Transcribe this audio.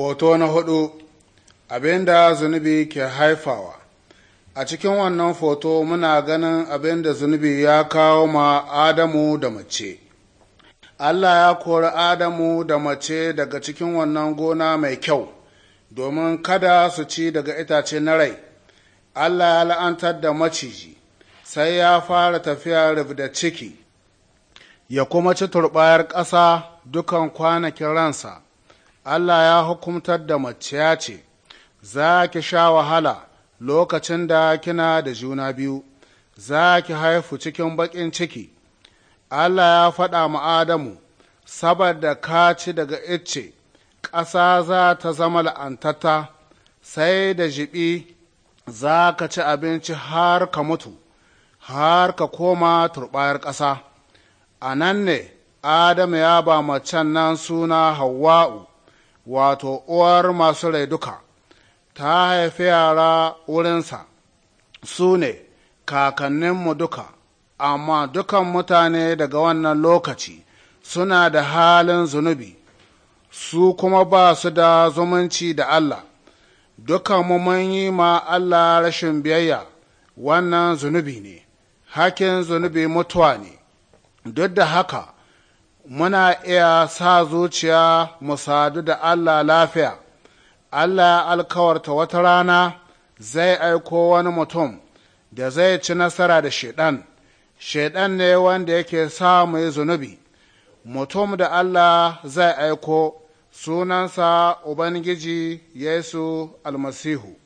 Foto na hudu abin da zunubi ke haifawa A cikin wannan foto muna ganin abin da zunubi ya kawo ma Adamu da mace. Allah ya kori Adamu da mace daga cikin wannan gona mai kyau, domin kada su ci daga itace na rai. Allah ya la'antar da maciji, sai ya fara tafiya da ciki, ya kuma ci turbayar ƙasa dukan kwanakin ransa. Allah ya hukumtar da mace ya ce, Za ki sha wahala lokacin da kina da juna biyu, za ki haifu cikin baƙin ciki. Allah ya faɗa ma Adamu, saboda ka ci daga icce, ƙasa za ta zama la'antata, sai da jiɓi za ka ci abinci har ka mutu, har ka koma turɓayar ƙasa. A nan ne, Adamu ya ba macen nan suna Hawwa'u. wato uwar masu rai duka ta haifi yara wurinsa su ne kakanninmu duka amma dukan mutane daga wannan lokaci suna da halin zunubi su kuma ba su da zumunci da Allah dukan mu mun yi ma Allah rashin biyayya wannan zunubi ne hakin zunubi mutuwa ne duk da haka muna iya sa zuciya mu sadu da Allah lafiya, Allah ya alkawarta wata rana zai aiko wani mutum da zai ci nasara da shaɗan shaiɗan ne wanda yake sa mu yi zunubi, mutum da Allah zai aiko sunansa Ubangiji Yesu almasihu.